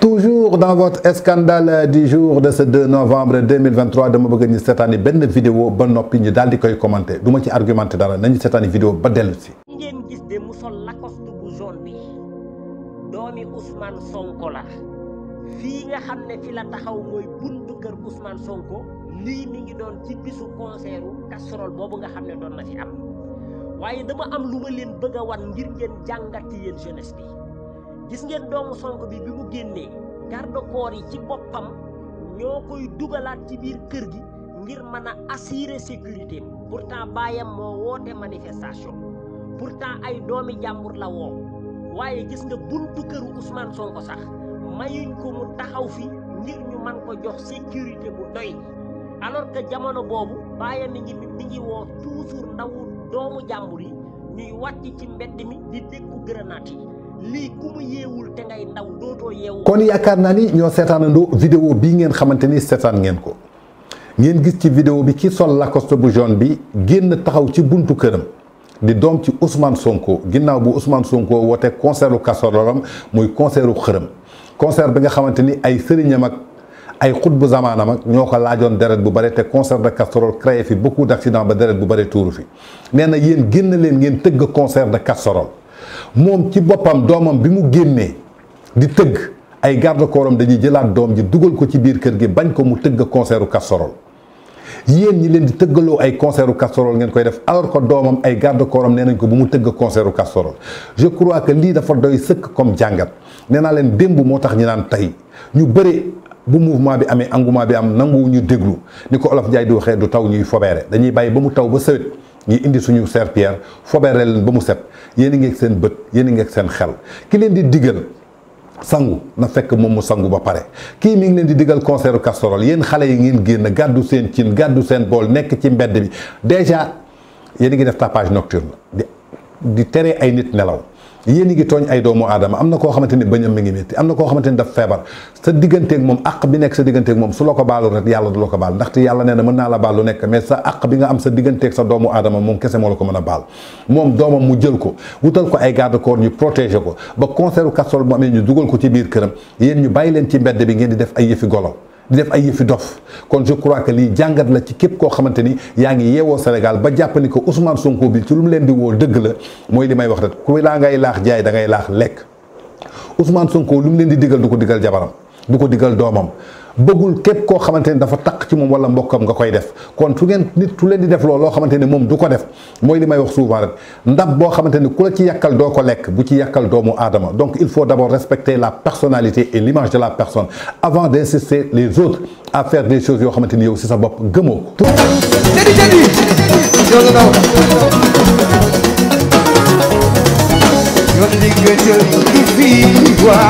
Toujours dans votre scandale du jour de ce 2 novembre 2023 dama bëgg ñu seetaani benn vidéo ba noppi ñu daal di koy commenté du ma ci argumenté dara nañu seetaani vidéo ba dellu si. ñi ngeen gis de Lacoste bu jaune bi doomi Ousmane Sonko la Fi nga xamné fi la taxaw moy buntu keur Ousmane Sonko. lii mi ngi doon ci bisu concert u boobu nga xam ne doon na fi am waaye dama am lu ma leen bëgg a wan ngir ngeen jàngat ci yéen bi gis ngeen doomu Sonko bi bi mu génnee garde yi ci boppam ñoo koy dugalaat ci biir kër gi ngir mën a assurer sécurité pourtant baayam moo woote manifestation pourtant ay doomi jàmbur la woo waaye gis nga buntu këru Ousmane Sonko sax mayuñ ko mu taxaw fi ngir ñu mën ko jox sécurité bu doy alors que jamono boobu bàyyi mi ngi mi ngi woo toujours doomu jàmbur yi ñuy wàcc ci mbedd mi di déggu grenade yi lii ku mu yeewul te ngay ndaw dootoo yeewu. kon yaakaar naa ni ñoo seetaanandoo vidéo bii ngeen xamante ni seetaan ngeen ko ngeen gis ci vidéo bi ki sol Lacoste bu jaune bi génn taxaw ci buntu këram. di doom ci Ousmane Sonko ginnaaw bu Ousmane Sonko woote concertu casserolam muy concertu xërëm concert bi nga xamante ni ay sëriñam ak ay xutbu zamaanam ak ñoo ko deret bu bari te concert de casserole créé fi beaucoup d' ba deret bu bari tuuru fi néna yeen yéen génn leen ngeen tëgg concert de casserole mom ci bopam domam bi mu génnee di teug ay garde corps dañuy jëlat dom ji duggal ko ci biir kër gi bañ ko mu teug concertu casserole yeen ñi leen di teugalo ay concertu casserole ngeen koy def alors que domam ay garde corps am ko bu mu tëgg concertu casserole je crois que li dafa doy seuk comme jangat nee leen dembu motax ñi ñu naan tey ñu bëri bu mouvement bi amé engouement bi am ñu déglu ni ko olof jay do xé du taw ñuy fobéré dañuy bayyi ba mu taw ba sewet ñi indi suñu pierre fobéré leen ba mu set yeen ngeek seen bët yeen ngeek seen xel ki leen di digël sangu na fekk mom mu sangu ba paré ki mi ngi leen di digël concertu casserole yeen xalé yi ngeen genn gaddu seen cin gaddu seen bol nek ci mbéd bi déjà yeen ngi def tapage nocturne di di tere ay nit nelaw yéen a ngi tooñ ay doomu aadama am na koo xamante ni bañam mi ngi métti am na koo xamante ni daf feebar sa digganteeg moom aq bi nekk sa digganteeg moom su la ko baalu rek yàlla du la ko baal ndaxte yàlla nee na mën naa la baal lu nekk mais sa aq bi nga am sa digganteeg sa doomu aadama moom kese moo la ko mën a baal moom doomam mu jël ko wutal ko ay garde corps ñu protéger ko ba concert casserole bu amee ñu dugal ko ci biir këram yéen ñu bàyyi leen ci mbedd bi ngeen di def ay yëfi golo di def ay yëfi dof kon je crois que lii jàngat la ci képp koo xamante ni yaa ngi yeewoo Sénégal ba jàpp ni ko Ousmane Sonko bi ci lu mu leen di woo dëgg la mooy li may wax rek ku laa ngay laax jaay da ngay laax lekk Ousmane Sonko lu mu leen di digal du ko digal jabaram. bu ko digal domam bëggul képp koo xamante ne dafa taq ci moom wala mbokkam nga koy def kon tu ngeen nit su leen di def loolu loo xamante ne moom du ko def mooy li may wax souvent rek ndab boo xamante ne ku la ci yàkkal doo ko lekk bu ci yàkkal doomu aadama donc il faut d'abord respecter la personnalité et l'image de la personne avant d'insister les autres à faire des choses yoo xamante ni yow si sa bopp gëmoo ko. jërëjëf. fi wá